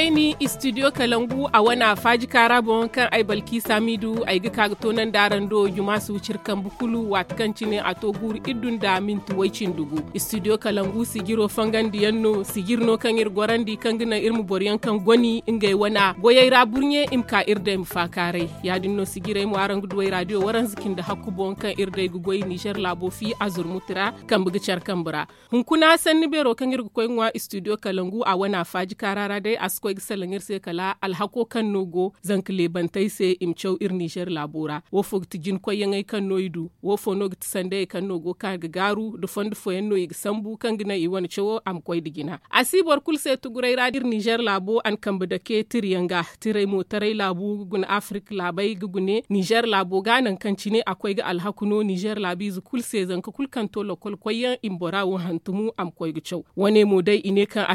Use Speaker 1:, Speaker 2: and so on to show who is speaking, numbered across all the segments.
Speaker 1: ni studio kalangu a wana faji kara bon kan ai balki samidu ai ga kaga tonan daran do juma su cirkan bukulu wat kan cine a to guri idun da min tuwaicin dugu studio kalangu sigiro fangan di yanno sigirno kan ir gorandi kan gina irmu boryan kan goni ingai wana goyayra burnye imka irda mu fakare yadin no sigire mu aran gudu radio waran zikin da hakku bon kan irda gugoyi nijar labo fi azur mutira kan bugi kan bura hunkuna san ni bero kan irgu koy nwa studio kalangu a wana faji karara dai as koy gisalen ir kala alhako kan nogo zank lebantai se imchau ir niger labora wo fog ti jin koy yangay kan noidu wo fonog ti sande kan nogo kan gagaru do fond foyen no sambu kan gina i wani cewo am koy digina asibor kul se tugurai radir niger labo an kambada ke tiriyanga tirai tarai labu gun afrik labai gugune niger labo ganan kan cine akwai ga alhakuno niger labi zu kul se zanka kul kan to lokol koyan imbora wo hantumu am koy gicew wane mo dai ine kan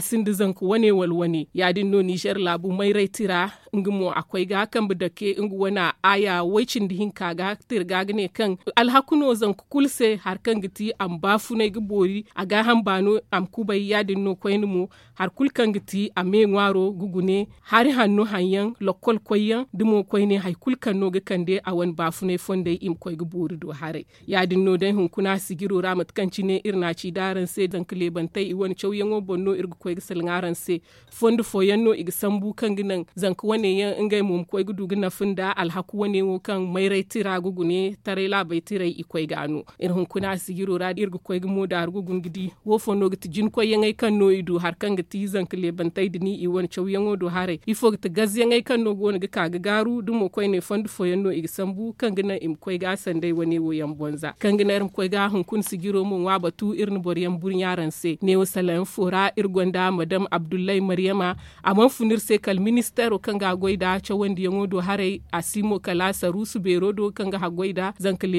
Speaker 1: wane walwane yadin no no Niger labu mai rai tira ngumo akwai ga kan bu dake wana aya wacin di hinka ga tir ga gane kan alhakuno zan kulse har kan giti am bafu ne gi bori a ga han bano am kubai yadin no koyin mu har kul kan giti a me ngwaro gugune har hannu hanyan lokol koyan dimo koyne hay kul kan no ga kande a wan bafu ne fonde im koy gi do hare yadin no dan kuna sigiro ramat kan cine irna ci daran sai dan klebantai i wani chauyen bonno irgu koy gi ngaran sai fondu foyan no iga sambu kan ginan zanku wane yan ingai mum koy gudu gina fin da alhaku wane wo kan mai rai tira gugu ne tare la bai tirai ikwai gano irin kuna sigiro ra irgu koy gumo da argu gungidi wo no gita jin koy yangai kan no idu har kan gita giti zanka le bantai dini i won chaw yango do hare ifo gita gaz yangai kan no gon gika ga garu dumo koy ne fondu fo no iga sambu kan gina im koy ga sandai wane wo yan bonza kan gina irin koy ga hun kun sigiro mun wa batu irin bor yan bur yaran se ne wo salan fora irgonda madam abdullahi maryama a kamar funir sai kal ministero ga goida acha wandi yango do hare simo kala sarusu bero do zan hagoida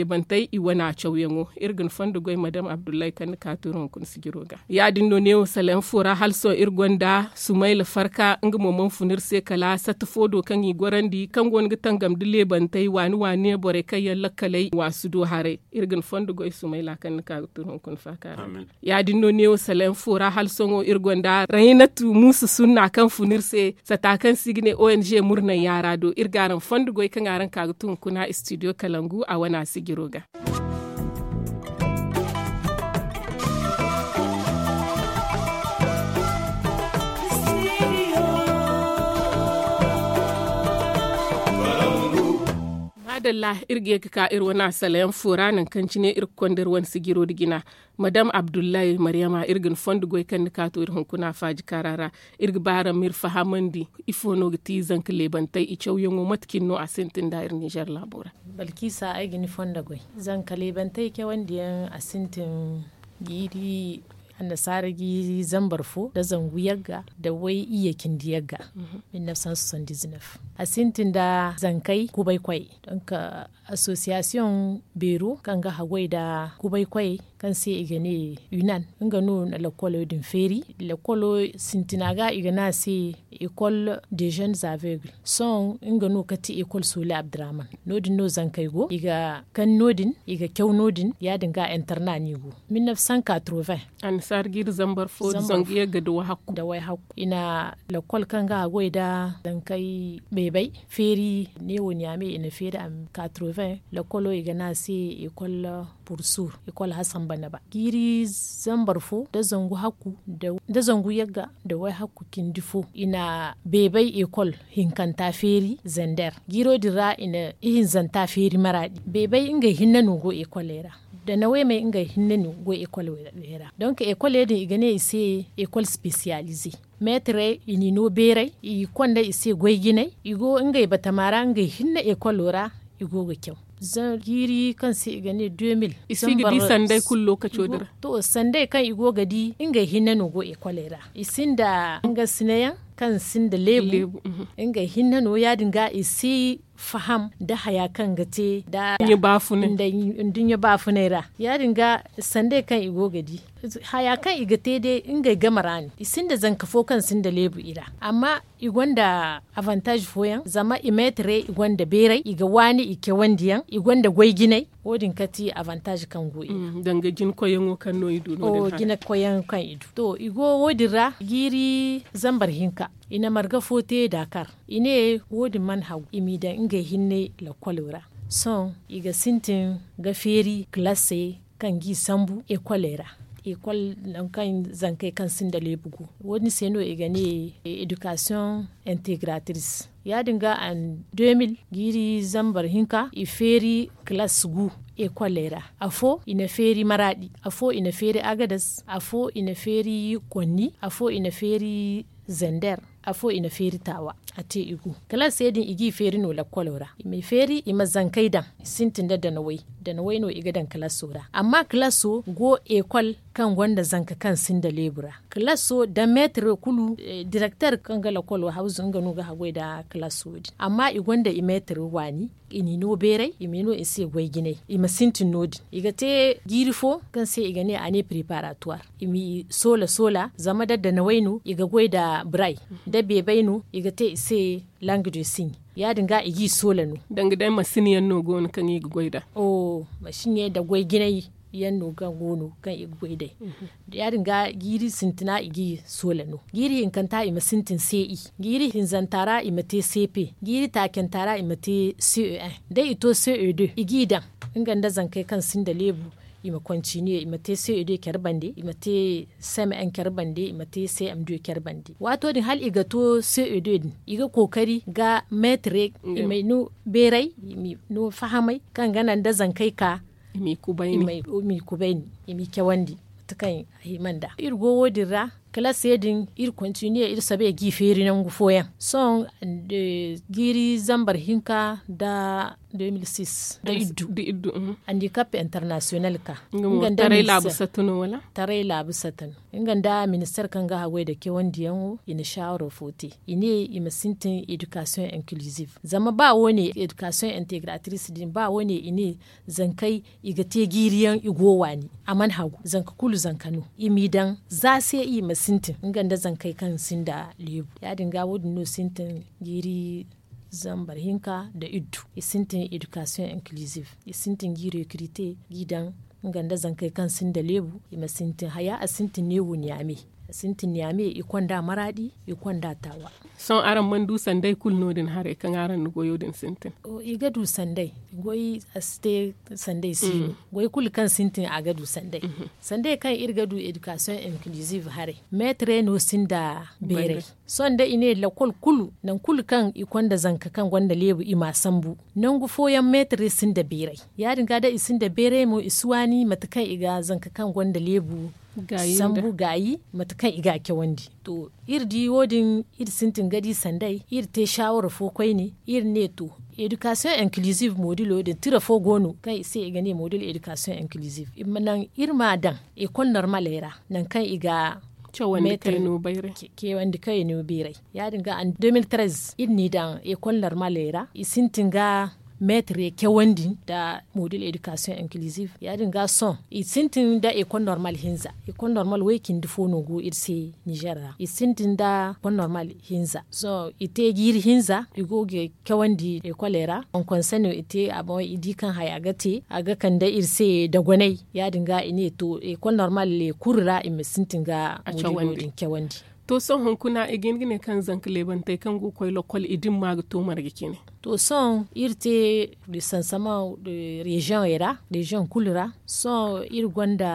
Speaker 1: bantai i iwana ce yango irgun fandu goi madam abdullahi kan turun kun ga ya dinno ne salam fura halso irgonda sumaila farka inga momon funir sai kala satfo do kan gorandi kan gon tangam dile bantai wani wani bore kai lakalai wasu do hare irgan fanda goy sumaila kan turun kun faka amen ya dinno ne salam fura halso irgonda rainatu musu sunna kan funir nirse sa takan signe ONG murnan yara do irgaran fandu kan aran kaga kuna studio Kalangu a wana sigiroga. adalla irge ka ir fura salayan furanin kancine ir kwandar wani sigiro gina madam abdullahi maryama irgin fondu goy kan ni kato irin hunkuna faji karara irg bara mir fahamandi ifono gti zank lebantai i chaw yongo matkin no asintin da ir
Speaker 2: niger labora balkisa ai gini fonda goy zank lebantai ke wandi asintin giri anda sarigi zambarfo da zangu yagga da wai iya kindi yagga mhm. min san son dizinaf a sintin da zankai kubai kwai don ka asosiyasiyon bero kan ga hagwai da kubai kwai kan sai igane yunan nga no na lakwalo din feri igana sai ikol de jeunes aveugles son ga kati ikol sule abdraman nodin no zankai go iga kan nodin iga kyau nodin ya dinga interna ni go 1980 sargir zambar fo zongiye ga da hakku da hakku ina lakwal kan ga agoi da dan kai bebai feri ne woni ame ina feri am 80 lakwalo iga na se ikol pursu ikol hasan bana ba giri zambar fo da zangu hakku da zangu yagga da wai hakku kindifo ina bebai ikol hinkanta feri zander giro dira ina ihin zanta feri maradi bebai inga hinna nugo ikolera da na wai mai inga hinnenu go école wera donc école de igane ise école spécialisée metre ini no bere i konda ise goy gine igo inga bata mara inga hinna école wera igo go kyau zan giri kan si igane 2000 isi gidi sandai kun lokaci wadara to sandai kan igo gadi inga hinnenu go école wera isinda inga sinaya kan sin da lebu mhm. inga no ya dinga isi faham da haya kan gate da ya bafu ne da ya bafu ra ya dinga sande kan igo haya kan iga tede inga gama rani isin da zan kafo kan sin da lebu ira amma igwanda avantage foyan zama imetre igwanda berai iga wani ike wandiyan igwanda gwai ginai wodin kati avantage kan go mm, danga gin koyan kan no idu no o gina koyan kan idu to igo ra giri zambar hinka ina marga fote dakar ine wodin man hagu imi da inga hinne la kwalura son iga sintin gaferi klase kan gi sambu e kwalera école kan zankai kan sin bugu lebugu wani seno e gane education intégratrice ya dinga an 2000 giri zambar hinka e feri class gu e kwalera afo ina feri maradi afo ina feri agadas afo ina feri konni afo ina feri zender a afo ina feri tawa a te igu kala sedin igi feri no la kolora me feri ima zankai dan sintin da danawai danawai no iga dan kalasora amma kalaso go go e kol kan wanda zanka kan sin da lebura kalaso da metre kulu eh, director kan ga la kolwa hausun ga no ga hagoi da kalaso amma i gwanda i metre wani ini no berai imi no ise wai gine i ma sintin n'o nodi iga te girifo kan sai iga ne ane preparatoire mi sola sola zama da danawai no iga gwai da brai da be bainu te ise langue de signe ya dinga igi sola no dangi dai masini yan no gon kan yi goida o mashinye da goi ginai yan no ga gono kan yi goida mhm. ya dinga giri sintina igi sola no giri in kanta i masintin sei giri hin zantara i mate cp giri takentara i mate ce eh, dai ito ce de igi dan inganda zankai kan sin da lebu ima continue ima te ido e 2 kerbande ima te CMN kerbande ima te CM2 kerbande wato din hal iga to co ido e din iga kokari ga metre ima no berai ima no fahamai kan ganan da zankai ka imi kubaini imi kubaini imi kyawandi tukan himanda irgo wodirra kala sedin ir continue ir sabe gi feri nan gufo Song. son de eh, giri zambar hinka da 2006 da iddu da iddu uh -huh. handicap international ka tarai labu satunu wala tare labu satunu ngan da minister kan ga hawai da ke wanda yanwo ina shawara fote ine sintin education inclusive zama ba wani education integratrice din ba wani ine zankai igate giriyan igowa ne aman hagu zanka kulu zankanu dan. za sai imasintin sintin. da zankai kan sinda lebu ya dinga wudin no sintin giri zambar hinka da iddu isintin education inclusive isintin gi recruter gidan ganda zankai kan sin da lebu ima sintin haya a sintin ne wuni sun yame ikon da maradi ikon da tawa
Speaker 1: son aran man du sandai kul nodin hare kan aran no goyo din sintin
Speaker 2: o iga dusan sandai goyi aste sandai si mm. goyi kul kan sintin a gadu sandai mm -hmm. sandai kan irga du education inclusive hare metre no sinda bere son da ine la kul kulu nan kul kan ikon da zanka kan gwanda lebu ima sambu nan gufo yan metre sinda bere ya dinga da isinda bere mo isuwani matakan iga zanka kan gwanda lebu sambu gayi matakan iga ke wandi to ir di wodin ir sintin gadi sandai ir te shawara fo kwai ne ir ne to education inclusive modulo da tira fo gono kai sai iga ne modulo education inclusive nan ir dan e kon normal era nan kan iga ke wanda kai nubai ke kai ya dinga an 2013 ir ni dan e kon normal era isintin ga maître ke wandi da module education inclusive ya dinga son sintin da kon normal hinza kon normal way kin difo no go irse nigeria sintin da kon normal hinza so ite gir hinza go ge ke wandi e kolera on konsene ite abon idi kan haya gate aga kan da irse da gonai ya ga ine to kon normal le kurra sintin ga module ke wandi
Speaker 1: to son honkuna igin e gine
Speaker 2: kan leban tai kan gukwai koy idin e ma ga tomar margi ne to son irte de sansama de region era de gens kulra son ir gwanda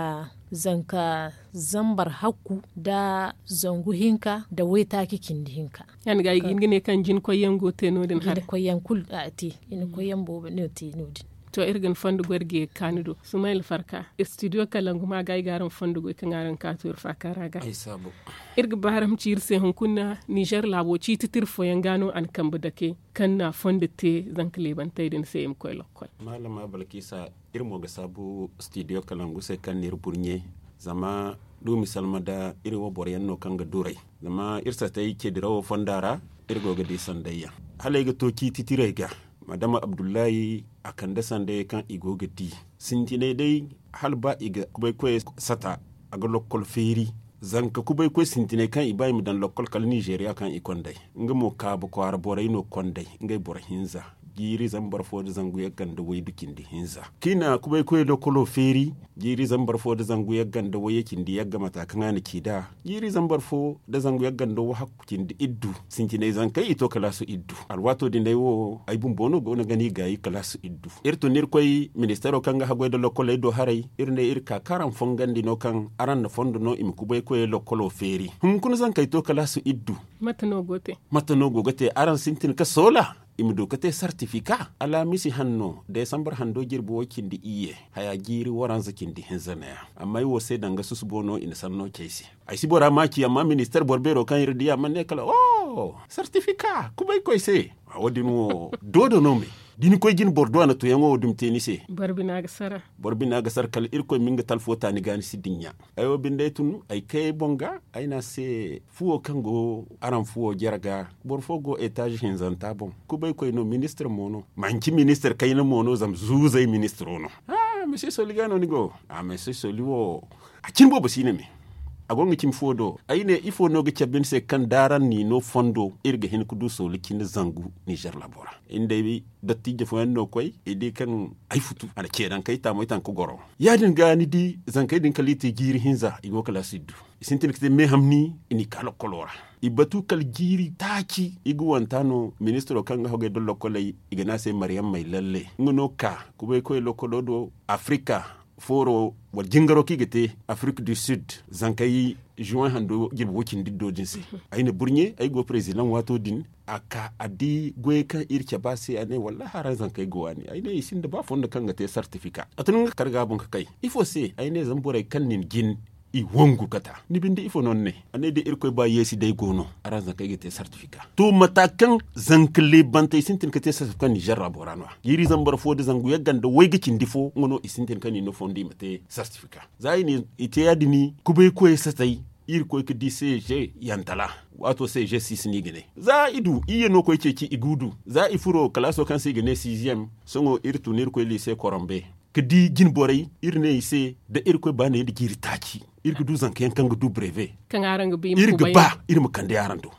Speaker 2: zanka zambar hakku da zangu hinka da weta kikin hinka yani ga igin gine kan jin koyen gote te nodin har koyen kul ati in koyen
Speaker 1: bo ne te nodin to irgin fondugo kanudu su mail farka studio kalangu ma gai garan fondugo ikangaran katur fakaraga ay sabo irga baharam cirse hunkunna niger labo ci titir foyangano an kambu dake kanna fondu te zankle bantai din sai im koy lokol
Speaker 3: malama balkisa irmo ga sabu studio kalangu sai kan burnye zama du misalma da iri wo bor yanno kanga durai zama irsa tay kedirawo fondara irgo ga disandayya ga to ki titirai ga madama abdullahi a kan san dai kan igo gati sintinai dai hal ba iga kubai kwaye sata a ga lokol feri zanka kubai kwaye sintinai kan ibai mu dan lokol kal nigeria kan ikon dai nga mo ka bu kwara borai no kon dai nga borahinza jiri zambar foda zangu ya ganda wai dukin di hinza kina kubai koyi da kolo feri jiri zambar foda zangu ya ganda wai yakin di yagga matakan ana ki da jiri zambar fo da zangu ya ganda wai hakkin di iddu sin kinai zan kai ito kala su iddu alwato di nai wo bun bono go na gani gayi kala su iddu irto nir koyi ministero ga hagwai da lokolo ido harai irne ir kakaran fongandi no kan aran na fondo no im kubai koyi lokolo feri hun kun zan kai to kala su iddu
Speaker 1: matano gote
Speaker 3: matano gote aran sintin ka sola imdukate certificat ala misi hanno december hando jirbo wo kindi iye haya giri waranza kindi hinzanaya amma iwo se danga susbono ina sanno keisi ay bora maki amma minister borbero kan irdiya ne kala o oh, certificat kubay koy se awodin dodo nomi dini koy gin bordo na to yango dum tenise
Speaker 1: barbina ga sara
Speaker 3: barbina ga sar kal irko minga tal fota ni gani sidinya ayo binde tun ay kay bonga ay na se fuo kango aran fuo jerga bor fogo etage hinzanta bon bay koy no ministre mono manki ministre kayna mono zam zuzay ministre ono ah monsieur soligano ni go ah monsieur soliwo akin bobo sine me a agonga cim fodo ne i fo noga cabbin se kan daran ni no fondo irga hin duso so likin zangu niger labora inde bi datti jefo en no koy di kan ay futu ana cedan kay tamo itan ko goro yadin gani di zankay din kalite jiri hinza go kala siddu sintin kite me hamni ini kala kolora batu kal jiri taki igu wantano ministro ga hoge do i igana se mariam may lalle ngono ka kubay koy do afrika foro wa jingaro kigete afrique du sud zankayi juin hando girbo wokin diddo jinsi ayine burnye ay go president wato din aka adi goy irke ane wallahi hara zankayi go ani ayine isin da ba fonda kan ga te certificat atun karga bun kai ifo se ayine zamborai kan nin gin i wongu kata ni binde ifo non ne ane de irkoy ba yesi day gono aran zan gete certificat to kan zankle banta isintin kate certificat ni jarra borano yiri zan fo de zangu yagan da wayga cin difo ngono kan ni no fondi mate certificat zai ni ite yadini kubey koy satai irko ka di CG yantala wato CG sis ni gine za idu iye no koy ceci igudu za ifuro classo kan si gine 6e songo irtu nir koy lycée korombe kedi di jin boray irne ise da irko bane di giri taci irgu du zan kan kanga du breve
Speaker 1: kan aran ga mu irga ba
Speaker 3: irma kan da yaran do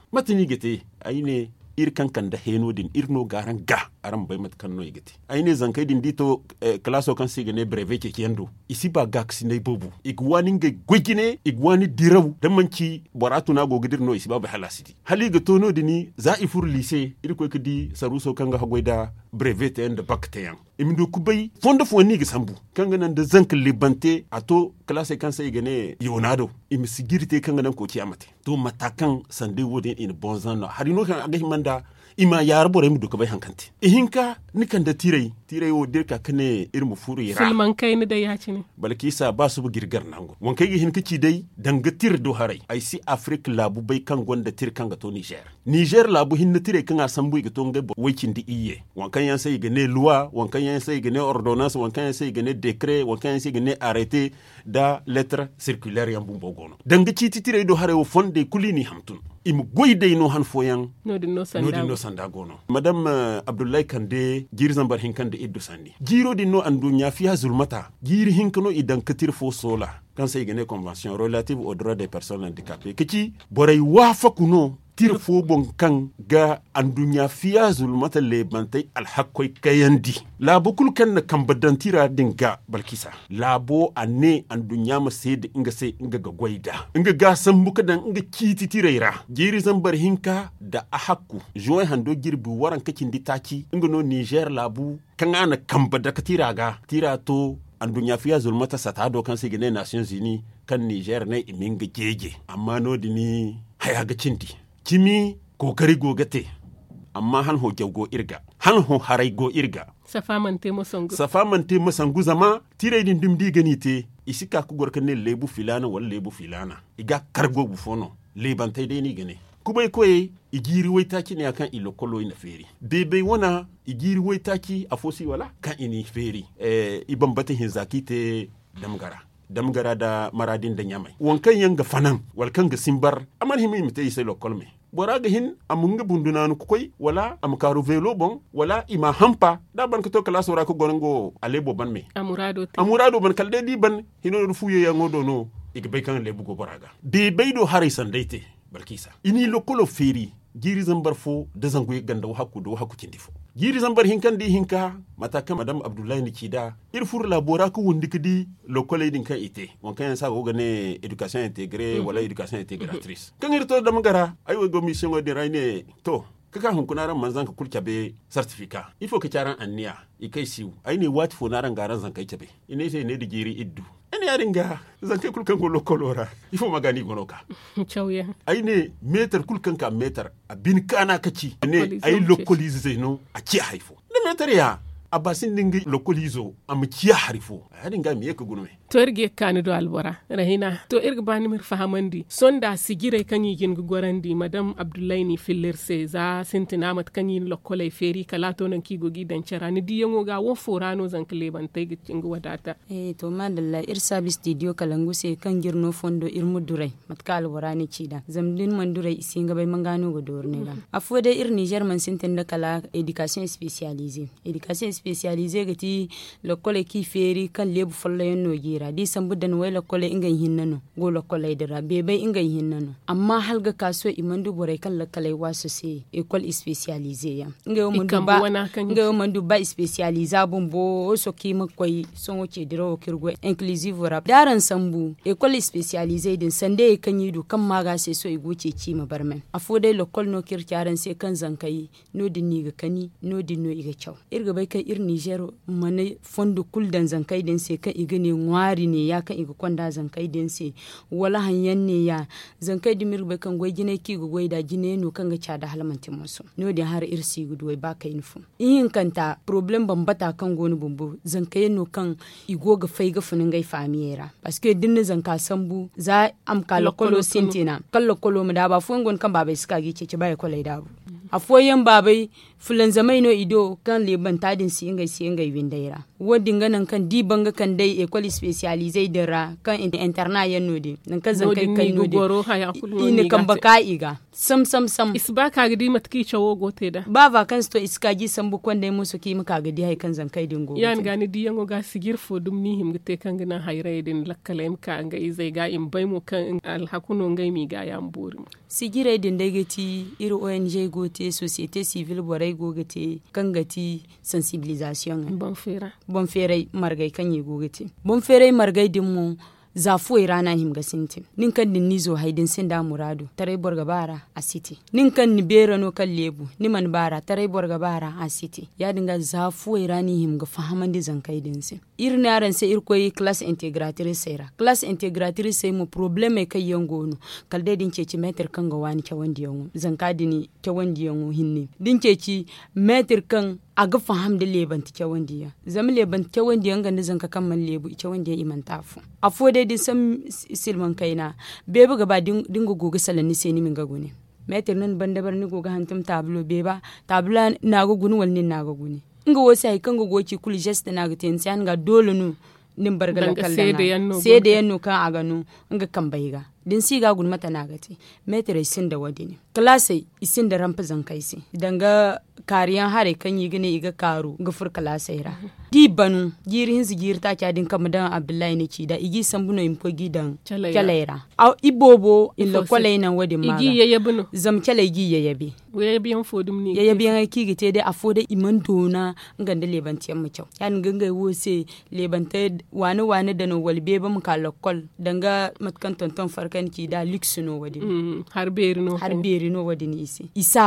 Speaker 3: gete ayine ir kan kan da heno din ir no garan ga aran bai mat kan no igete ayine zan kai din dito eh, klaso kan siga ne breve ke kendo isi ba ga kisi ne bobu igwani ga gwigine wani dirawu dan manci boratu na go gidir no isi ba ba halasidi hali ga tono dini za ifur lise ir ko di saruso kan ga hagoida breve te yanda bak imdu kubai fondo fo ni sambu kanga nan da zank libante ato classe kansa gane yonado imisigirite kanga nan ko kiyamate to matakan sande wodin in bonzan har no kan aga himanda ima yar bore mu duka bai hankanti ihinka nikan da tirai tirai wo dirka kane irmu furu yara sulman
Speaker 1: kai ni da yaci ne
Speaker 3: balki sa ba su bu girgar nango won kai gihin kici dai danga tir do harai ai si afrika labu bai kan gonda tir kan ga to niger niger labu hinna tirai kan asan bu ga to ngai wakin di iye won kan yan sai ga ne loi won kan yan sai ga ne ordonnance won kan yan sai ga ne decret won kan yan sai ga ne arrêté da lettre circulaire yan bumbo gono danga ci tirai do harai wo fonde kulini hamtun im goyde no han foyan
Speaker 1: nodin no sanda gono
Speaker 3: madame eh, abdoulay kande jiri zambar hinkande iddo sandi jirodin no andu ñafiya zulmata jiri hinkano idan dankatir fo sola kan sai gane convention relative aux droits des personnes handicapées kici boray wafa kuno tir fobon kan ga andunya fiya zulmata lebantai kayandi labo kulkan na kan badantira din ga balkisa labo a ne andunya ma sai inga sai inga ga gwaida inga ga san buka dan inga kiti tiraira jiri zan bar hinka da ahakku joy hando girbi waran kakin ditaki inga no niger labu kan ana kan badakatira ga tira to fiya zulmata sata do kan sigine nations unis kan niger ne iminga gege amma no dini haya ga cindi kimi kokari gogate amma han ho go irga han ho harai go irga
Speaker 1: safa safamante masangu
Speaker 3: safamante masangu zama tire din gani te isika ku gorka ne lebu filana wal lebu filana iga kargo bu fono lebantai dai ni gane kuma koye igiri wai taki ne akan ilokolo ina feri bebe wana igiri wai taki afosi wala kan ini feri e eh, iban batin te damgara damgara da maradin da nyamai wankan yanga fanan walkan ga simbar aman himi yi sai lokal mai bora ga hin amunga bunduna nu koy wala am karu velo bon wala ima hampa da ban ka to kala sora ko gonango alebo ban me amurado amurado ban kalde di ban hino rufuye ya ngodo no igbe kan lebu go boraga be beido harisan daite barkisa ini lokolo feri jiri zambar fo da zangu ganda wa hakku da wa hakku fo. giri zambar hinkan di hinka mataka madam abdullahi nikida il fur labora ku wundi kidi kolay din kan ite won kan sa go gane education intégrée mhm. wala education intégratrice mhm. kan irto da magara ay go mission go raine to kaka hun kunaran manzan ka kulke be certificat il faut que caran anniya i kai siu ay ne wat fo naran garan zan kai ina ine sai ne digiri iddu yaringa zanke kulkan golo kolora ifo magani gono ka
Speaker 1: chawya
Speaker 3: ai ne meter kulkan ka meter abin kana kaci ne ai localize no a ci haifo ne meter ya a basin dinga zo a mukiya harifo hadin ga miye ka gurme
Speaker 1: to irge kani do albora rahina to irge bani mir fahamandi sonda sigire yi gin di madam abdullahi ni fillir sai za na mat yi lokolai feri kala to nan gogi gidan cara ni diyango ga
Speaker 4: won forano zan kle ban tai gin wadata eh to madalla ir service studio kalangu se kan girno fondo ir mudurai mat ka albora ni cida zamdin mandurai isinga bai mangano go dorne ga mhm. afode ir niger man sinti da kala education specialisée education spécialisé gati lokole ki feri kan lebu folla no gira di sambu dan way wai lokole ingan hinnano go le lokole dira be bai ingan hinnano amma halga kaso imandu bore kan le kale wasu se école spécialisé ya inga mun ba inga mun ba spécialisé bon bo so ki koy so son ci dira kirgo inclusive rap daran sambu école spécialisé din sande kan yidu kan maga se so igoce ci ma mabarmen afo dai lokol no kirtaran se kan zankai no din ni ga kani no din no iga chaw irga bai kan ir niger mana fondo kul dan zankai den se ka iga ne ngwari ne ya ka iga kwanda zankai den se wala hanyan ne ya zankai dimir be kan goy gine ki go goy da gine no kan ga cada halmantin musu no da har ir si gudu wai baka infu in kanta problem bata kan goni bumbu zankai no kan igo ga fai ga funin gai famiyera paske dinne zanka sambu za am kala kolo sintina kala kolo mu da ba fuwan gon kan ba bai suka gi ce ba ya kolai da bu a foyen babai fulan zamai no ido kan leban tadin si ingai si ingai windaira wadin ganan kan di banga kan dai école spécialisée de ra kan interna ya node nan kan zan kai kai node Ina kan baka iga sam sam sam isba ka gidi matki chawo gote da baba kan sto iska gi sam bu kwanda musu ki muka gidi hay kan zan kai dingo yan gani di yango ga sigir
Speaker 1: fo dum ni him gite kan gina hayra din lakkala im ka ga izai ga in bai mu kan alhakuno ngai mi ga yan buri
Speaker 4: Si e dindai ti iri ong go te société civile borai go te sensibilisation bon fera bon ferai margai kan go bon margai zafu foi e rana ga sinti nin kan din nizo haidin sin da muradu tarai borga bara a city nin kan ni berano kan lebu ni man bara tarai borga bara a city ya dinga zafu foi e rani ga fahaman di zan kai din sin ir naran sai ir koyi class integratrice sera class integratory sai mu probleme kai yango no kalde din ceci meter kan ga wani ke wandi yango zan ka dini ke wandi yango hinni din ceci meter kan a faham hamdi leban ti kyawun diya zama leban ti kyawun diya ngani zan ka kamman lebu wanda ya iman tafu a fo dai din san silman kaina bebu gaba ga gogi salani sai ni min ga gune metir nan banda bar ni goga hantum tablo ba tabla na ga guni wani na ga gune nga wo sai kan ga goki kuli jesta na ga ten an ga dole nu nin bargala kallana sai da yanno kan aga in nga kan ga din si ga gun mata na ga ti metir sin da wadi ne klase isin da rampa zankaisi danga kariyan hare kan yi gine iga karu gufur klase ra di banu giri hinzi giri ta kya din kamadan abdullahi ne ki da igi sambuno imko gidan kyalaira au ibobo la kwalai ina wadi ma igi yaya bunu zam kyala igi yaya bi yaya an fodum ne yaya an ki gite da afoda iman dona nganda lebantiyan mu kyau yan ganga wose lebanta wani wani da no walbe ba mu kalakol danga matkan tonton farkan ki da lixuno wadi mm, har berino har no wadin isi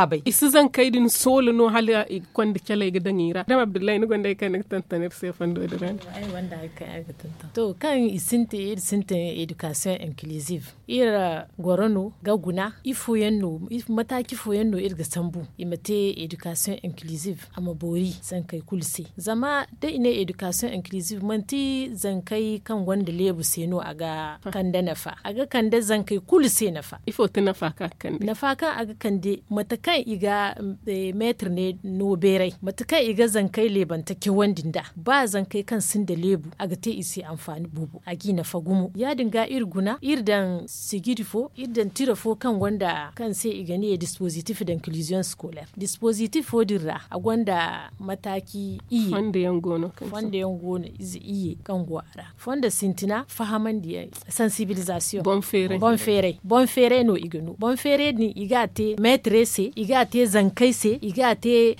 Speaker 1: bai isi zan kai din solo no hala da kyalai ga dangira dama abdullahi ni gonda kan
Speaker 2: tantanir sai fando da rani ai wanda haka yi ga tantan to kan isinte isinte education inclusive ira gwarano ga guna ifo yanno if mataki fo yanno irga sambu imate education inclusive amma bori zan kai kulse zama da ina education inclusive manti zan kai kan wanda lebu seno aga kanda nafa aga kanda zan kai kulse nafa ifo ta nafa ka kanda nafa ka kan aga kande matakan iga eh, metr ne no berai matakan iga zankai lebanta ke wandin da ba zankai kan sin da lebu aga te isi amfani bubu a gina fagumu ya dinga irguna irdan sigirifo irdan tirafo kan wanda kan sai iga ne dispositif da inclusion scolaire dispositif dirra a gwanda mataki iye wanda yan gono wanda yan gono izi iye kan gwara fonda sintina fahaman da sensibilisation bon fere bon fere bon fere no igano bon fere ni iga te metre zankaise iga te zankai se iga te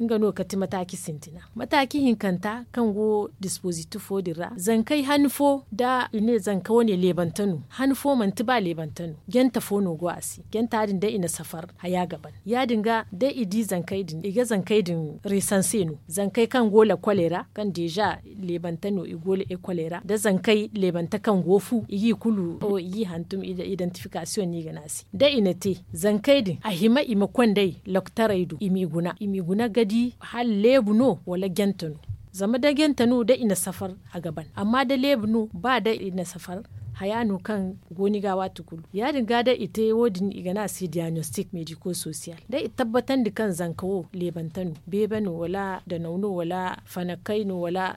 Speaker 2: inga no kati mataki sintina mataki hinkanta kan go dispositif dira zankai hanfo da ine zanka wone lebantanu hanfo manti ba lebantanu genta no go asi genta adin da ina safar haya gaban ya dinga da idi zankai din iga zankai din resan zankai kan gola kolera kan deja lebantanu gole e kolera da zankai lebanta kan gofu igi kulu o yi hantum identification ni ganasi da ina te. zankaidi a hima ima kwandai loktaraidu imiguna imiguna gadi hal lebuno wala gentano zama da gentano da ina safar a gaban amma da lebuno ba da ina safar hayanu kan goni gawa tukulu ya riga da ita wodin igana si diagnostic medico social da tabbatar da kan zankawo lebantanu bebano wala da nauno wala fanakaino wala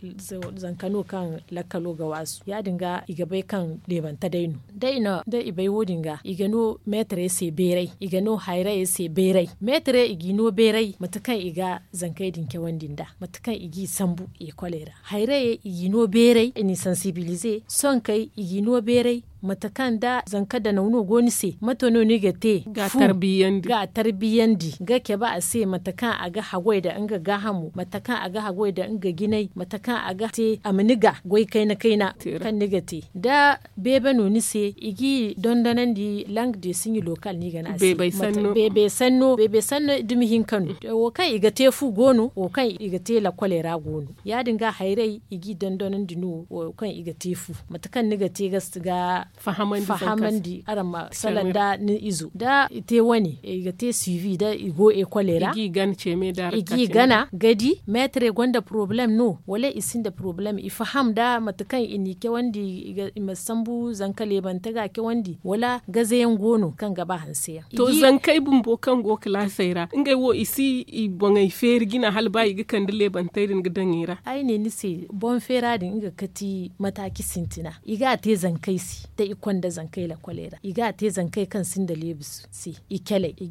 Speaker 2: zankano kan lakalo ga wasu ya dinga igabai kan lebanta daino daino da ibai wodin ga igano metre se berai igano haire se berai metre igino berai matakan iga zankai dinke wandin da matakan igi sambu e kwalera haire igino berai ni sensibilize son kai igino berai Vieri. matakan da zanka da nauno goni se matono ni ga te ga tarbiyandi ga tarbiyandi ga ke ba a se matakan a ga hagwai da nga ga hamu matakan a ga hagwai da nga ginai matakan a ga te amniga goi kai na kai na kan ni ga te da bebe no ni se igi dondanan di lang de sinyi lokal ni ga na se bebe sanno bebe sanno bebe sanno dumi hin kanu mm. wo kai iga te fu gono wo kai iga te la kolera gono ya dinga hairai igi dondanan no wo kan iga te fu matakan ni ga te ga fahamandi fahamandi arama salan da ni izu da ite wani e ga te cv da igo e kolera igi gan cheme da igi gana gadi metre gonda problem no wala isin da problem i faham da matakan ini ke wandi ga masambu zankale ban taga ke wandi wala gazayen gono kan gaba hansiya to
Speaker 1: zankai bumbo kan go klasaira inga wo isi i bongai fer gina halba iga kandile ban tairin gidan
Speaker 2: ai ne ni se bon fera din ga kati mataki sintina iga te zankai si ta ikon da zankai la i ga te zankai kan sin da lebus si i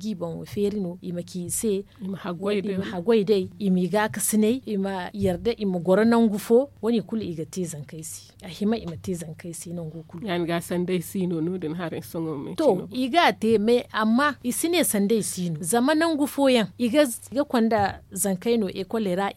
Speaker 2: gi ban wa i ma ki se i ma hagwai dai i mi ga ka sine i ma yarda ma gora nan gufo wani i ga te zankai si a hima i ma te zankai si nan gukulu yan ga sandai si no din harin songo me to ga te me amma i sine sandai no zama nan gufo yan i ga ga kwanda zankai no e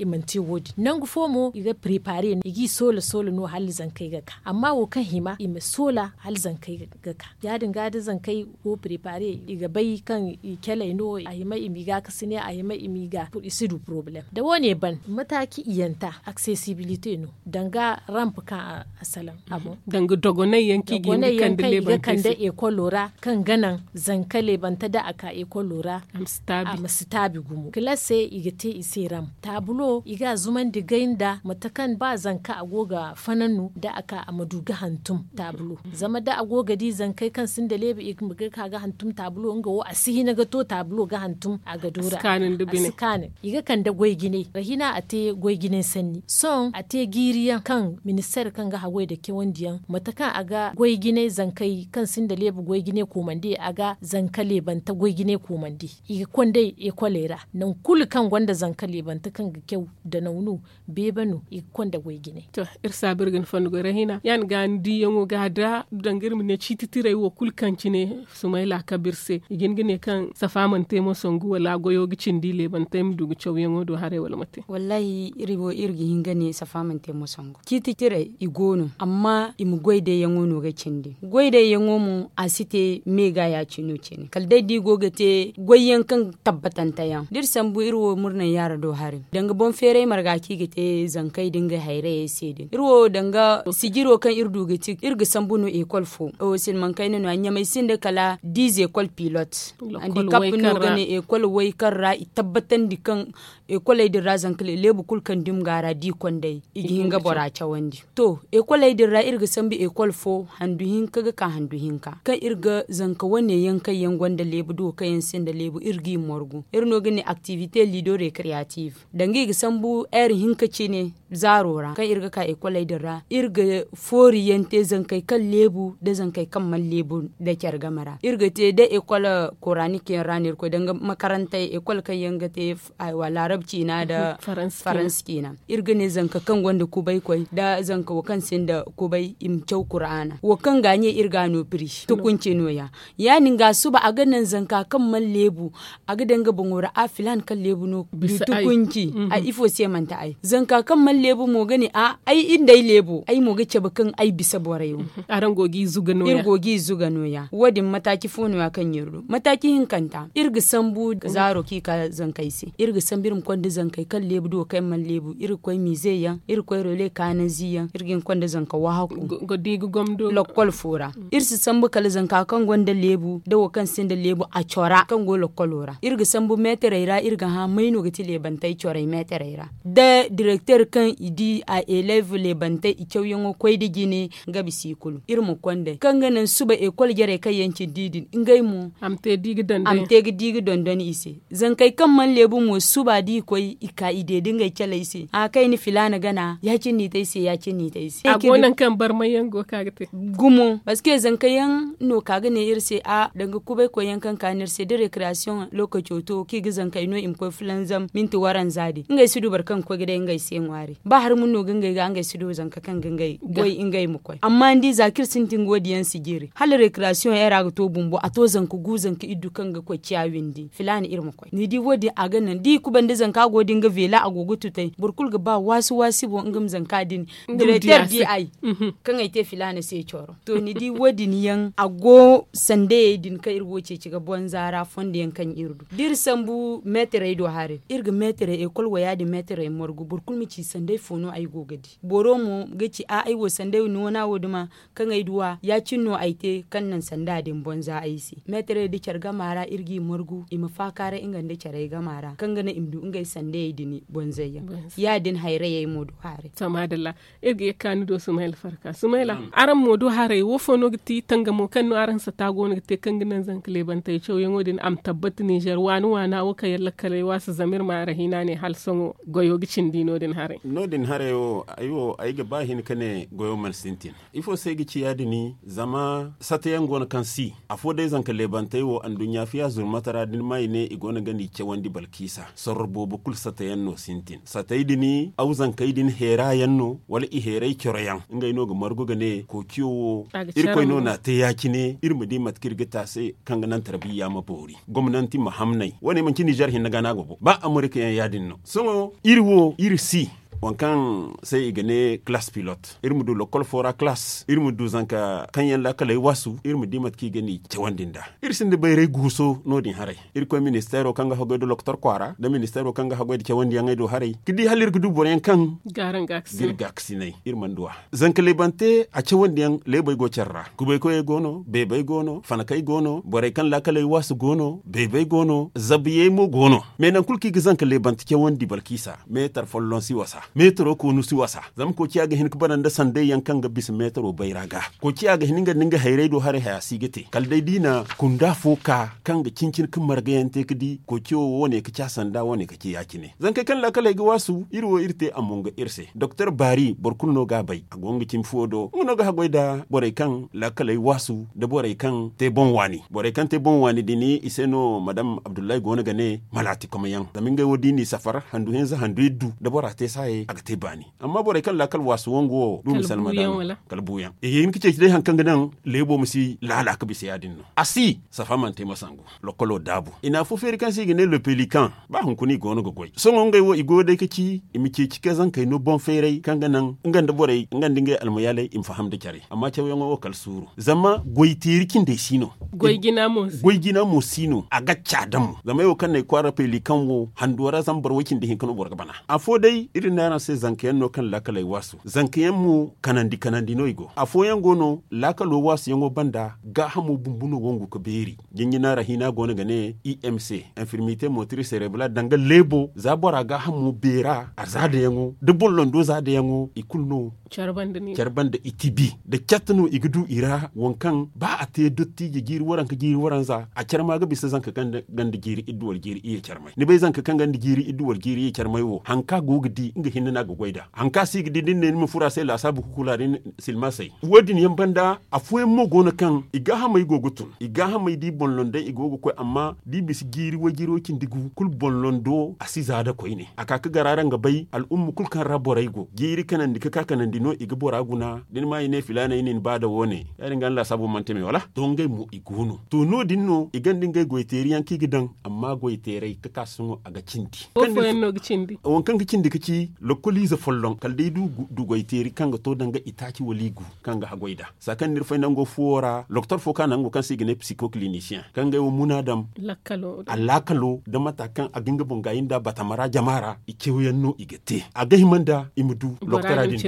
Speaker 2: man te wodi nan gufo mo ga prepare gi sola sola no hali zankai ga ka amma wo kan hima i ma sola hal zan ga ka yadin dinga zan kai ko prepare ga bai kan ikele no a yi mai imiga ka sine a yi mai imiga isidu problem da wone ban mataki iyanta accessibility no danga ramp kan asalan mhm. abu
Speaker 1: danga dogonai yanki gini kan dile ban kan da
Speaker 2: eko lora kan ganan zankale ban ta da aka eko lora amstabi gumu klase igate isi ram tabulo iga zuman digain da matakan ba zanka agoga fananu da aka amaduga hantum tabulo mhm. zama da agoga zan zankai kan sun da lebe ik ka ga hantum tablo nga wo asihi na ga to tablo ga hantum a ga dora skanin dubine skanin iga kan da goy gine rahina ate goy gine sanni son ate giriya kan minister kan ga hagoy da ke wandiyan matakan aga goy gine zankai kan sun da lebe goy gine komande aga zankale banta goy gine komande iga kwandai e kwalera nan kul kan gwanda zankale banta kan ga kyau da naunu bebanu iga kwanda goy gine to
Speaker 1: irsa birgin ga rahina yan gandi ndiyango ga da dangir mine chititire wo kulkancine sumaila kabirse gine kan safaman temo
Speaker 4: songu wala goyo gicin dile ban tem dugu chawyen wodo hare wala mate wallahi ribo irgi hingane safaman temo songu chititire igono amma im goyde yango no ga cindi goyde yango mu asite mega ya cinu cini kalde di goga te goyen kan tabbatan tayan dir sambu irwo murna yara do hare danga bon fere marga ki gite zankai dinga haire sedin irwo danga sigiro kan irdu gici irga n'o e l'école fo o silman kayne no anyamai sinde kala 10 école pilote andi kap no gane école way karra i tabbatan di kan école de razan kle lebu kul kan dim gara di konde igi hinga bora chawandi to école de ra irga sambi école fo handu hinka ga ka handu hinka ka irga zanka wane yanka yangon lebu do kayan sinde lebu irgi morgu irno gane activité lido recreative dangi ga sambu er hinka cine zarora ka irga ka école de ra irga foriyente zankai kan lebu dubu da zan kai kan lebu da kyar gamara irgate da ecole eh, coranique ke ranar ko danga makaranta ecole kan yanga te aiwa larabci na da faranski na irgane zan ka kan gwanda kubai kwai da zan ka wakan sin da kubai im kyau kur'ana wakan ganye no prish tukunce noya yanin ga su ba a ganin zan ka kan man lebu a gidan ga bangora afilan kan lebu no tukunci mm-hmm. a ifo man manta ai zan ka kan man lebu mo gani a ai inda lebu ai mo ga kan ai bisa borayo mm-hmm. arango irgogi zuganoya irgogi noya. wadin mataki fonoya kan yirru mataki hinkanta irgi sambu zaro ki ka zankai se irgi mu kwanda zankai kan lebu do kai man lebu irgi kwai mize yan irgi kwai role kana ziyan irgin kwanda zanka wahaku godigu gomdo lokol fora mm. irsi sambu kala zanka kan gwanda lebu da kan sinda lebu a chora kan go lokolora irgi sambu meteraira irga ha maino gati lebantai metere ira. da director kan idi a eleve lebantai ikyaw yango kwai digine gabi sikulu irmo konde kanganan suba école yare kai yanci didin ngai mu am digi donde am digi donde ise zan kai kan man lebu mu suba di koi ika ide dinga cɛla ise a kai ni filana gana ya cin ni tai se ya cin ni tai se a gonan kan bar mayan go kaga te gumo parce que zan kai yan no kaga ne irse a danga kube ko yan kan ka nirse de recreation lokaci to ki gizan kai no im ko filanzam zam minti waran zadi ngai su dubar kan ko gida ngai se ngware ba har mun no gangai ga ngai su du zan ka kan gangai goi ngai mu koi amma ndi zakir sin sintin godiyan sigiri hal recreation era ga to bumbu a to zanku guzan ki iddu kan ga kwaciya windi filani irma kwai ni di wodi a ganan di ku bande zanka godin ga vela a gogo tutai burkul ga ba wasu wasu bo ngam zanka din director di ai mhm. kan ai te filani sai choro to ni di wodi ni yan ago sande din ka irgo ce ci ga bon zara fonde yan kan irdu dir sambu metere do hare irga metere e kolwa ya di metere e morgu burkul mi ci sande fono ai gogadi boro mu gaci a ai wo sande ni wona woduma kan ai duwa ya cinno aite nan sanda din bonza aisi metre da char gamara irgi murgu ima fa kare ingan da charai gamara kangana imdu ingai sanda ya dini bonza ya ya din haire ya modu
Speaker 1: hare samadalla irgi kanu do sumail farka sumaila aran modu hare wofo no giti tanga mo kanno aran sa tago no giti kanganan zankle bantai cewa yango din am tabbat niger wani wana waka yalla kale wasu zamir ma rahina ne hal songo goyo gicin dino din hare no din hare
Speaker 3: yo ayo ai ga bahin kane goyo man sintin ifo sai gici ya ni zama satayan gona kan si a fo dai zanka lebantai wo an dunya fiya zurmatara din mai ne i gona gani ce wandi balkisa sor bobu kul satayen no sintin satai dini au yi din hera no wala i herai kyorayan ingai no ga margo ne ko kiwo irko no na te yaki ne ma di matkir gita sai kan ganan tarbiya mabori gwamnati mahamnai wani man kini jarhin na gana gobo ba amurka yan yadin no so irwo si. kan sai igane class pilot irmu du lokol fora class irmu du zanka kanyan la kala wasu irmu dimat ki gani cewandinda irsin sinde bayre guso din hare irko ministero kanga hago do loktor kwara da ministero kanga hago de cewandi ngai do hare kidi halir gudu boren kan
Speaker 1: garan gaksi gir
Speaker 3: gaksi nei irman duwa zanka lebante a cewandi le bay go cerra bay ko e gono bay gono fanakai gono bore kan la kala wasu gono bay gono zabiye mo gono menan kulki gizanka lebante cewandi balkisa me tar follon si wasa metro ko nusi wasa zam ko kiya ga hin ka banan da sandai yankan ga bis metro bayraga ko kiya ga hin ga ninga hayre do hare haya sigete kal dai dina kunda foka kan ga cincin kin marga yante kidi ko kiyo wone ka ca sanda wone ka ki yakine zan kai kan la kala ga wasu irwo irte amunga irse dr bari borkunno ga bai agonga kin fodo ngono ga goida bore kan la kala wasu da bore kan te bon wani bore kan te bon wani dini iseno madam abdullahi gona gane malati kuma yan zamin ga wodi ni safar handu hen za handu du da bora te sai aga te bani amma bore la kal wasu wongo dum salma da kalbuyan e yin kice dai hankan ganan lebo musi lala ka bisa yadin no asi safa man te masango lokolo dabu ina fu feri kan sigi ne le pelican ba hun kuni gono go goy so ngai wo igo dai kici imi ke kike zan kai no bon fere kan ganan ngan da bore ngan dinga almayale im faham da kare amma ce wayan wo kal suru zama goy tirikin dai sino goy gina mo goy gina mo sino cha dam zama yo kan ne kwara pelican wo handora zan bar wakin da hin kan bor bana afo dai irin na. yana se zankiyan no kan lakalai wasu zankiyan mu kanandi kanandi no igo a yan gono lakalo wasu yango banda ga hamu bumbuno wongu ka beri jinyina rahina gona gane EMC infirmite motrice cerebla danga lebo za bora ga hamu bera a zada yango da bollon do zada yango ikulno
Speaker 1: charbandani
Speaker 3: da itibi da chatno igudu ira wankan ba a te dotti ya giri waran ka giri waran za a charma ga bisa zanka kan gandi giri idduwar giri iya charmai ni bai zanka kan gandi giri idduwar giri iya charmai wo hanka gogdi inga hinna ga goida an ka sigi di ne mu fura sai la sabu kula din silma sai wodin yan banda a mo gona kan iga ha mai gogutun iga ha mai di bonlon dai igogo ko amma di bis giri wa giro kin digu kul bonlon do asiza da koi ne aka ka gararan ga bai umu kul kan raborai go giri kanan dika ka kanan dino iga bora guna din ma ne filana yin ni bada wone yarin gan la sabu man teme wala don gai mu igunu to no din no igan din gai goiteri yan kigidan amma goiterai ka kasun aga cindi kan
Speaker 1: no cindi
Speaker 3: won kan cindi kici lokoli za follon kalde du dugoiteri kanga to danga itaki waligu kanga hagoida sakan fay nango fuora docteur foka nango kan signe psychoclinicien kanga wo munadam
Speaker 1: lakalo
Speaker 3: alakalo da matakan aginga bonga inda batamara jamara ikewiyanno igete manda imdu docteur adin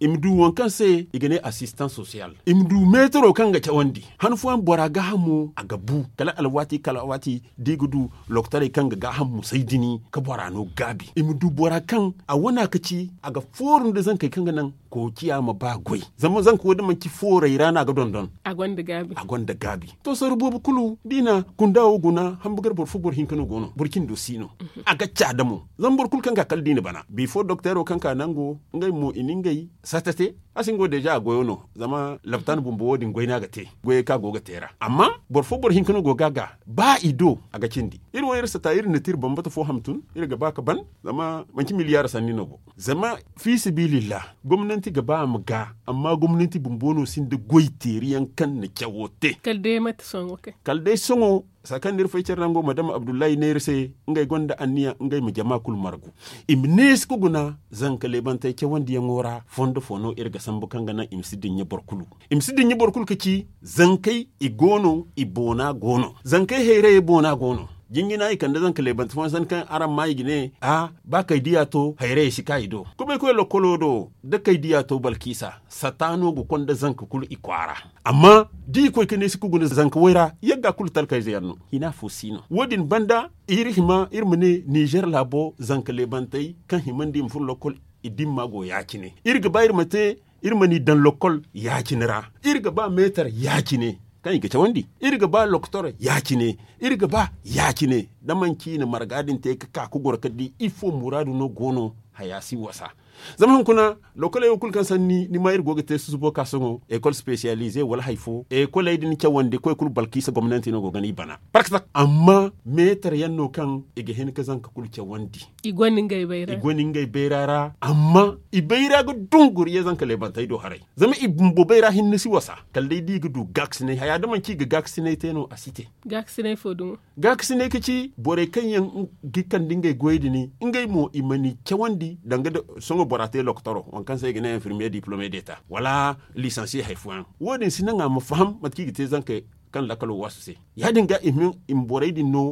Speaker 3: imdu won se igene assistant social imdu metro kanga chawandi hanfu an bora gahamu agabu kala alwati kala wati digudu docteur e kanga gahamu saidini ka bora no gabi imdu bora kan a wana kaci a ga forin da zan kai kan ganin ko ma ba gwai zama zan ko da manki forai rana ga dondon a gwanda gabi a gwanda gabi to sa rububu kulu dina kundawo guna hambugar bor fubor hinkano gono burkin do sino mhm. a ga mu zan bor kan ka kal dina bana before doctor o kanka nango ngai mo iningai satate asin go deja goyo no zama laftan bumbu wodin goyna ga te goye ka goga tera amma bor fo bor hinkuno go ga ba ido aga kindi ir wayar sa ta ir bamba to fo hamtun ir ga baka ban zama manki miliyar sanni no go zama fi sibilillah gwamnati gaba mu ga amma gwamnati no sin da goyi teriyan kan na kyawote kalde mat songo ke kalde songo sakan ner fay cerrango madame abdoulaye ner se ngay gonda anniya ngay ma jama kul margu im kuguna ko guna zanka lebanta ke wandi yan wora fondo fono irga sambu kanga na im sidin ya borkulu im sidin ya borkulu kaci zankai igono ibona gono zankai heire bona gono yi kan da zan kale bantu san kan aran mai gine a ba kai diya to haire shi kai do kuma ko lo kolo do da kai diya to balkisa satano go konda zan ku kul ikwara amma di ko ne su kugun zan ku waira yagga kul tal kai zayanno ina fusino wodin banda iri hima irmune niger labo zan kale bantai kan himandi mfur lo kol idimma go yakine irga bayir mate irmani dan lokol yakinira irga ba metar yakine kan yi wandi irga ba loktor ne irga ba ya yakine daman kini margadin te ka gorka di ifo muradu no gono hayasi wasa zama han kuna lokole yau kulkan san ni ni mayir goga te susubo kasongo école spécialisée wala hayfo école ay din kyawande ko kul balki sa gwamnati no gogani bana que amma yan no kan ige hen ka zanka kul kyawandi
Speaker 1: igwani ngai bayra
Speaker 3: igwani ngai ra amma ibayra go dungur ye zanka le bantai do harai zama bumbo bayra hin si wasa kalde di gudu gaxine haya da man ki ga gaxine teno asite
Speaker 1: gaxine fodun
Speaker 3: gaxine ci. bore kan yan gikan dingai ni ngai mo imani kyawandi danga da songo borate loktoro wankan sai gine infirmier diplômé d'état wala licencié haifuan wodin sinanga mo faham matki gite zanke kan lakalo wasse yadin ga imin imborai no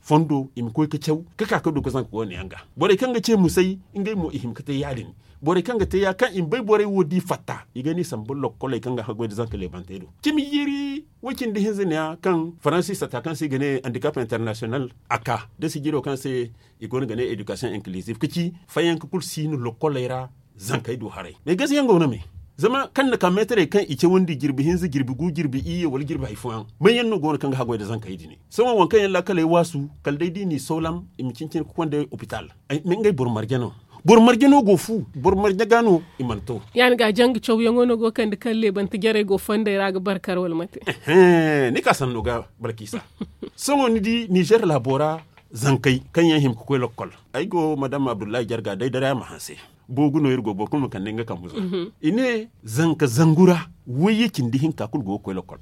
Speaker 3: fondo im koy ka cew ka ka ka duka san ko ne anga bore kan ga ce musai mo ihim ka bore kan ga te ya kan in bore wodi fatta igani sambol lokko le kan ga hagwe zan le yiri wakin dihin ya kan faransi sata kan si gane handicap international aka da si jiro kan se igon gane education inclusive kici fayan nu sinu kolera zankai du hare me gasi yango na zama kan na kan metere kan ice wundi girbi hinzi girbi gu girbi iye wal girbi haifuan yan nu gona kan hagwai da zankai dini sama wankan yalla kala wasu kaldai dini solam imcincin kwanda hospital men ngai bur margeno burmar gino no go fu burmar marje gano imanto
Speaker 1: yani ga jang chow yango no go kan de kalle ban ta go fonda ira ga barkar wal
Speaker 3: mate ni ka san ga barkisa songo ni di niger labora zankai kan yan him ko lokol ay go madam abdullahi jarga dai dara ma hanse bogu no irgo bo kulmu kan ninga kan buzo mhm. ine zanka zangura waye kin di hin ka kul go ko lokol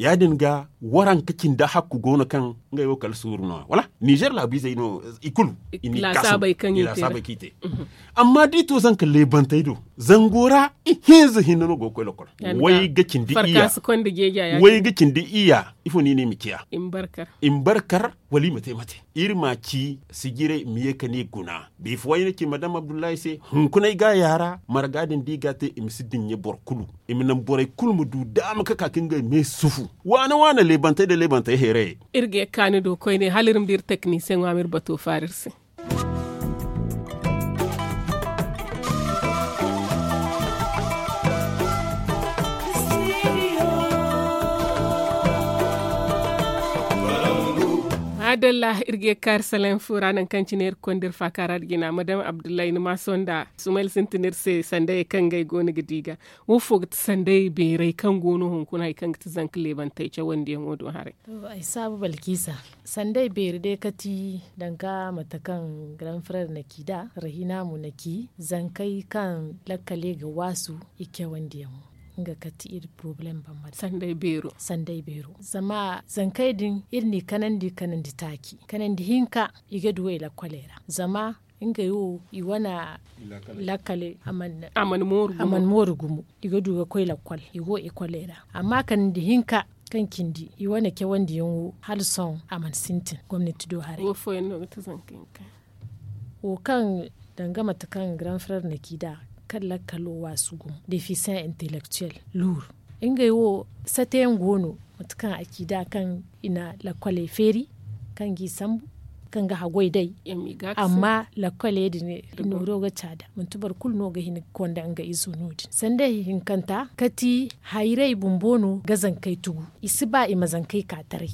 Speaker 3: yadin ga waran kakin da hakku gona kan ngai wo kal suru no wala niger la bize no ikulu ini la sabai kan ila sabai kite mhm. amma di to zan kalle bantai do zangora iheze hinno go ko lokol wai gakin di iya farkas
Speaker 1: kon da gegiya wai
Speaker 3: gakin di iya ifo ni ne mikiya in barkar in barkar wali mate mate ir ma ci sigire miye kani guna bi fo wayne ci madam abdullahi se hun kunai ga yara margadin diga te imsidin ye borkulu iminan kul mu du dama ka kakin ga me sufu wana wana de da lebantai here
Speaker 1: irge kani do koyne halirim dir technicien wamir batu farisi madalla irge karsalen salen fura nan kan cinir kondir fakarar gina madam abdullahi numa sonda sumail sintinir se sandai kan gai goni gidiga wofo sandai berai kan gono hunkuna kan ta zank leban ce wanda yan wodo hare
Speaker 2: to ai sabu balkisa sandai beri dai kati ka mata kan grand frère na kida rahina mu naki zankai kan lakale ga wasu ike wanda mu nga kati ir problem ba mad sandai bero sandai bero zama zankai din irni kanandi di taki di hinka igeduwe la kolera zama inga yo i wana lakale aman aman moru gumu aman moru gumu la kwal koy lakwal igo e kolera amma kan di hinka kan kindi i wana ke wandi yango hal son aman sintin gwamnati do hare
Speaker 1: wo fo yando
Speaker 2: ta zankinka wo kan dangama ta kan grand frère na kida kan wasu wasugu deficient intellectuel lur inga yiwo satayen gono matukan akida kan ina lakwale feri kan gisan kan ga hagwai dai amma lakwale da ne noro ga cada mutubar kul no ga hini iso. ga izo nodi sanda hinkanta. kati hairai bumbono ga zankai tugu isi ba ima zankai katare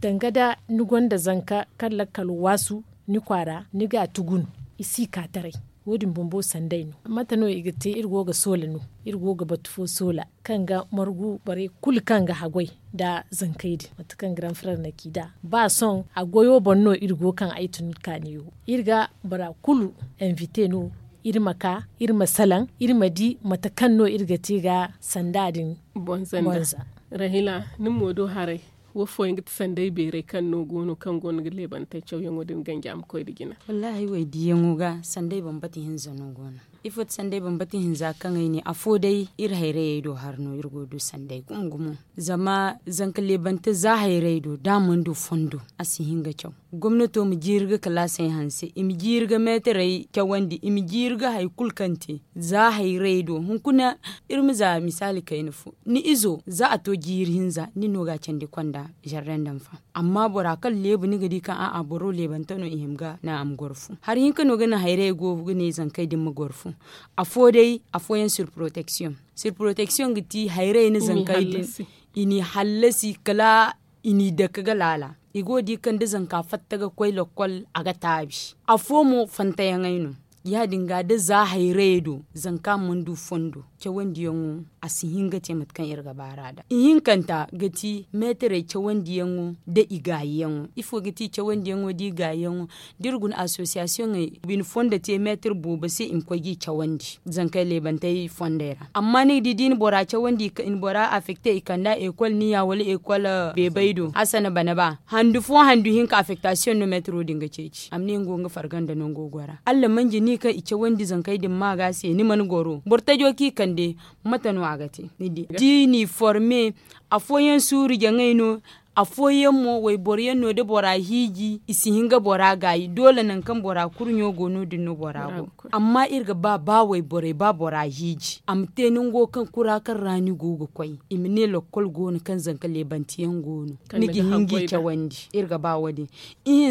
Speaker 2: dangada nugon da zanka kan lakkalo wasu ni kwara ni ga tugun isi katarai. wodin bombo sandaino mata no irgo ga sola irgo ga batufo sola kanga margu bare kul kanga hagwai da zankaidi matakan kan gran frère na kida ba son agoyo bonno irgo kan aitun kaniyo irga bara kulu invite nu irma ka irma salan irma di mata kan no irgate ga sandadin bonza rahila
Speaker 1: nin modo harai wo fo ngi sande bere kan no gono kan gonu gile leban ta chaw yango din
Speaker 4: gangi am koy digina wallahi wai di yango ga sande ban bati hin zano gona ifot sande ban bati hin za kan ni afo dai ir haire do no irgo do sande gum zama zanka leban ta za haire do damun do fondo sihin ga chaw gwamnato mu jirga kalasin hanse imi jirga metere kyawandi imi jirga haikul kante za hairai do hunkuna irmi za misali kai nufu ni izo za a to jirhin za ni noga can kwanda jarren dan fa amma bora kan lebu ni gadi kan a'a boro leban tano ihim na am gorfu har hinka noga na hairai go ne zan kai dimma gorfu a fo a fo yan sur protection sur protection giti hairai ni zan kai ini halasi kala ini da kaga lala igodi kan dizan ka ga kwai a ga tabi afomo fanta ainu ya dinga da za hairedo zanka mundu fondo ke wandi yan a asihin gace matkan irga barada ihin kanta gati metere chawandi yango de igayi yango ifo gati chawandi yango di igayi yango dirgun association ngai bin fonda te meter boba se im kogi chawandi yi fonda yara amma ni didi din bora chawandi in bora affecte ikanda ekol niya wali ekol eh, bebaido asana bana ba handu fo handu hin hinka affectation no metro dinga ceci amne ngonga farganda no ngogora allah manji ni ka zan kai din ma se ni man goro borta joki kande matano agati nidi di ni forme foyen suri a foyen mo wai boryen no de bora hiji isi hinga bora gayi dole nan kan bora kurnyo no dinno bora go amma irga ba ba wai bore ba bora hiji tenin go kan kura kan rani go kwai imne lokol gono kan zanka lebantiyan gono nigi hingi kewandi irga ba wadi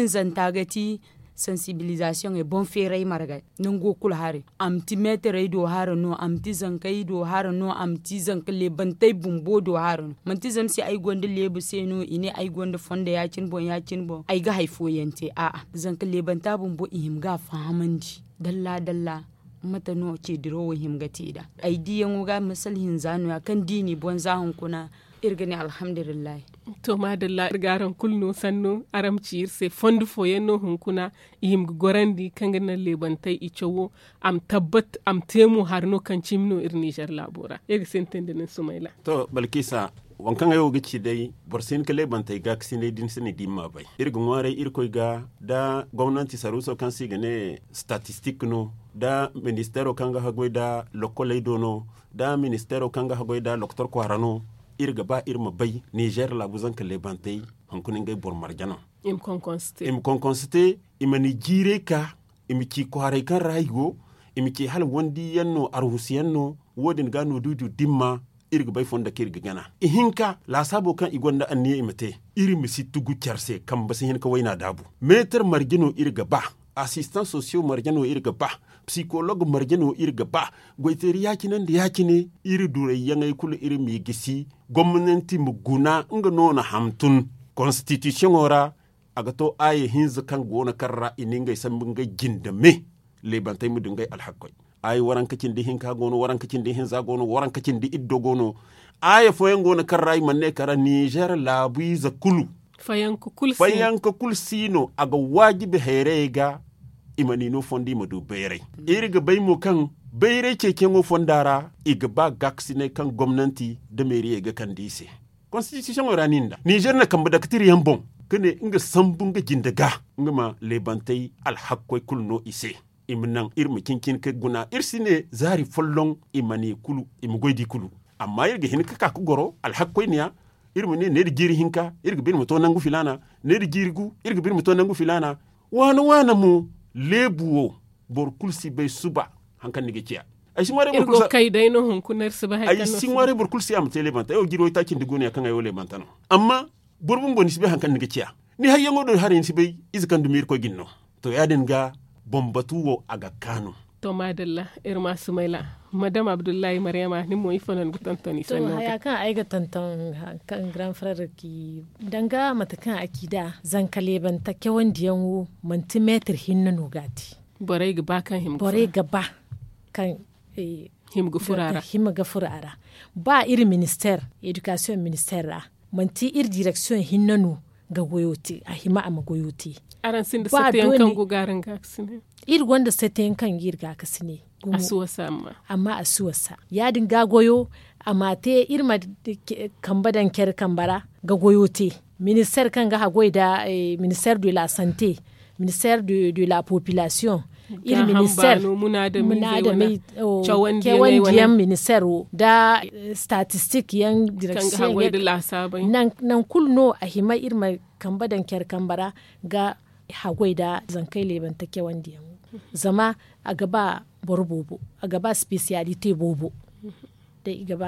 Speaker 4: zanta gati sensibilisation e bon feere marga nango kul hare am ti metere do hare no am ti zankai do hare no am ti zanka le bantai bumbo do hare no man ti zamsi ai gonda lebu seno ine gonde fonde ya cin bon cin bon ay ga hay foyente a a zanka le banta bumbo ihim ga fahamandi dalla dalla mata no ce diro wahim ga tida di diyan ga misal zanu ya kan dini bon zahun kuna irgani alhamdulillah
Speaker 1: to madalla garan kulno sanno aramciyir se fondu foyenno hunkuna yimgu gorandi kangana lebantay icowo am tabbat am temu harno kan cimno ir niger labora yegi ne sumayla
Speaker 3: to balkisa wankan ayo ga ci dai borsin kale banta ga kisine din sine dimma bai irgun ir koy ga da gwamnati saruso kan sigane gane no da ministero kanga ga da lokolai dono da ministero kanga ga kwarano irga ba irma bai niger la buzan ka lebantai hankunin gai bor marjana
Speaker 1: im kon konsite im
Speaker 3: kon konsite imani jire ka imi ki kwarai kan rayuwa imi ki hal wondi yanno arhus yanno wodin gano dudu dimma irga bay fonda kirga gana ihinka la sabo kan igonda anniye imate iri misi tugu kyarse basi basin ka wayna dabu meter marjino irga ba assistant socio marjano irga ba psychologue marjano irga ba goiteriya kinan da yakine iri dure yangai kulu iri mi gisi gwamnati mu guna nga nona hamtun constitution ora aga to aye hinza kan gona karra ngai sambu ngai ginda me lebantai mu dungai alhakkoi ayi waran kacin di hinka gono waran kacin di hinza gono waran kacin di iddo gono aye foyen gona karra manne kara niger za kulu fayanko kul fayanko kul sino aga wajibi herega no fondi madu bere hmm. irga bai mu kan beire ke kengo fondara ga ba gaksine kan gomnanti de meri ga kan dise constitution ranin da niger na kan da katiri yan bon sambu nga sambun ga gindaga inga ma lebantai alhakkoi no ise imnan irmi kinkin ke guna irsine zari follong imani kulu imigoidi kulu amma irga hin ka ku goro alhakkoi niya irmi ne ne giri hinka irga bin muto nangu filana ne gu irga bin muto nangu filana wana wana mu bor kulsi bai suba hankan nige kiya ay si wari burkul sa
Speaker 1: kay dayno hon kunar siba hay ay a wari
Speaker 3: burkul si am tele banta o giro ta kin digoni kan ayo le bantano amma burbun boni sibe hankan nige kiya ni hay yango do harin sibe izkan dumir ko ginno to yaden ga bombatu wo aga kanu
Speaker 1: to madalla irma er sumaila madam abdullahi maryama ni moyi fanan gu tantani to haya
Speaker 2: kan aiga tantan kan grand frère ki danga mata kan akida zankale ban ta kewan diyan wo mantimeter hinna nugati ga ba kan him ga ba. kan eh, himga furara ba iri minister education minister ra manti iri direction hinnanu ga goyote a hima ama goyote aran sin da sate kan
Speaker 1: gugarin ga kasine
Speaker 2: iri wanda sate yankan gir ga kasine a amma amma a suwasa yadin ga goyo amma te irma kambadan ker kambara ga goyote minister kan ga goyi eh, minister de la santé minister de, de la population iri minister muna da oh, mai kewandiyan minister da eh, statistik yan direction nan nan n'o a hima irma kamba dan kyar kambara ga hagwai da zankai lebanta ta kewandiyan zama a gaba borbobo a gaba speciality bobo da iga ba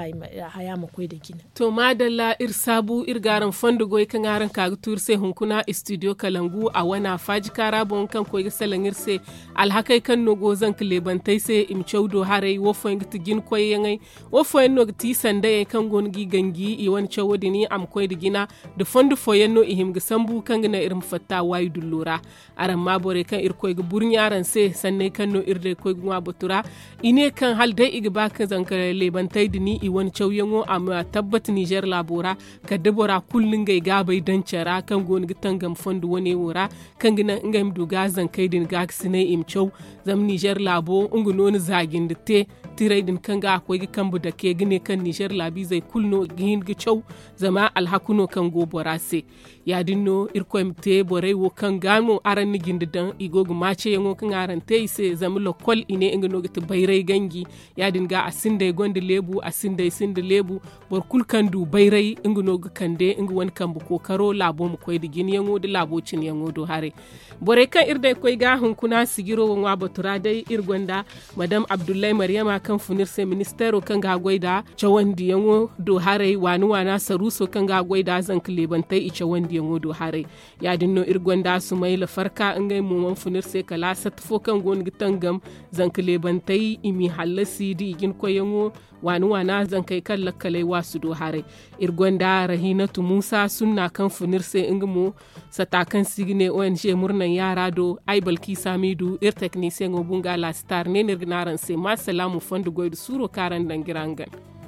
Speaker 2: haya makwai da gina.
Speaker 1: To madalla ir sabu ir garan fondo goy kan garan kaga tur sai hunkuna studio kalangu a wana faji kara bon kan ko ga salan ir se alhakai kan no gozan klebantai se im chawdo hare wo foin git gin koy yangai wo foin no git sanda yan kan gon gi gangi i wan chawodi ni am koy da gina da fo foyen no ihim ga sambu kan gina irin fatta wayu dullura aran mabore kan ir koy ga burin yaran sai sanne kan no ir de koy gwa batura ine kan hal dai iga ba kan zanka lebantai gaydi ni i won a yango am tabbat niger labora ka dabara kullun ga gabai dan cara kan gon gitan gam fondu wani wura kan gina ngam du gazan kaydin gaksine im cew zam niger labo ungu noni zagin te tirai din kan ga akwai bu da ke gine kan Nijar labi zai kulno gihin gichau zama alhakuno kan go borase ya dinno irko mte borai wo kan gamo aran ni gindidan igogu mace yango kan aran tei se zama lokol ine inga no gita bayrai gangi ya din dinga asinde gondi lebu asinde sinde lebu bor kul kan kandu bayrai inga no kande inga wan bu ko karo labo mu koy digin yango de labo cin yango do hare borai kan irde koy ga hunkuna kuna sigiro wa batura dai irgonda madam abdullahi maryama kan sai ministero kan ga gwaida cawandi yango do harai wani wana saruso kan ga gwaida zan kilebantai i cawandi yango do harai ya dinno da su mai lafarka in gai mu man sai kala sat kan gon gitan gam zan i mi halasi di igin koyango wani wana zan kai kan lakkalai wasu do hare irgonda rahinatu musa sunna kan funir sai satakan sigine ong murnan yara do ai samidu ir technicien obunga la star ne nirgnaran sai ma salamu fondu goidu suro karan dangirangan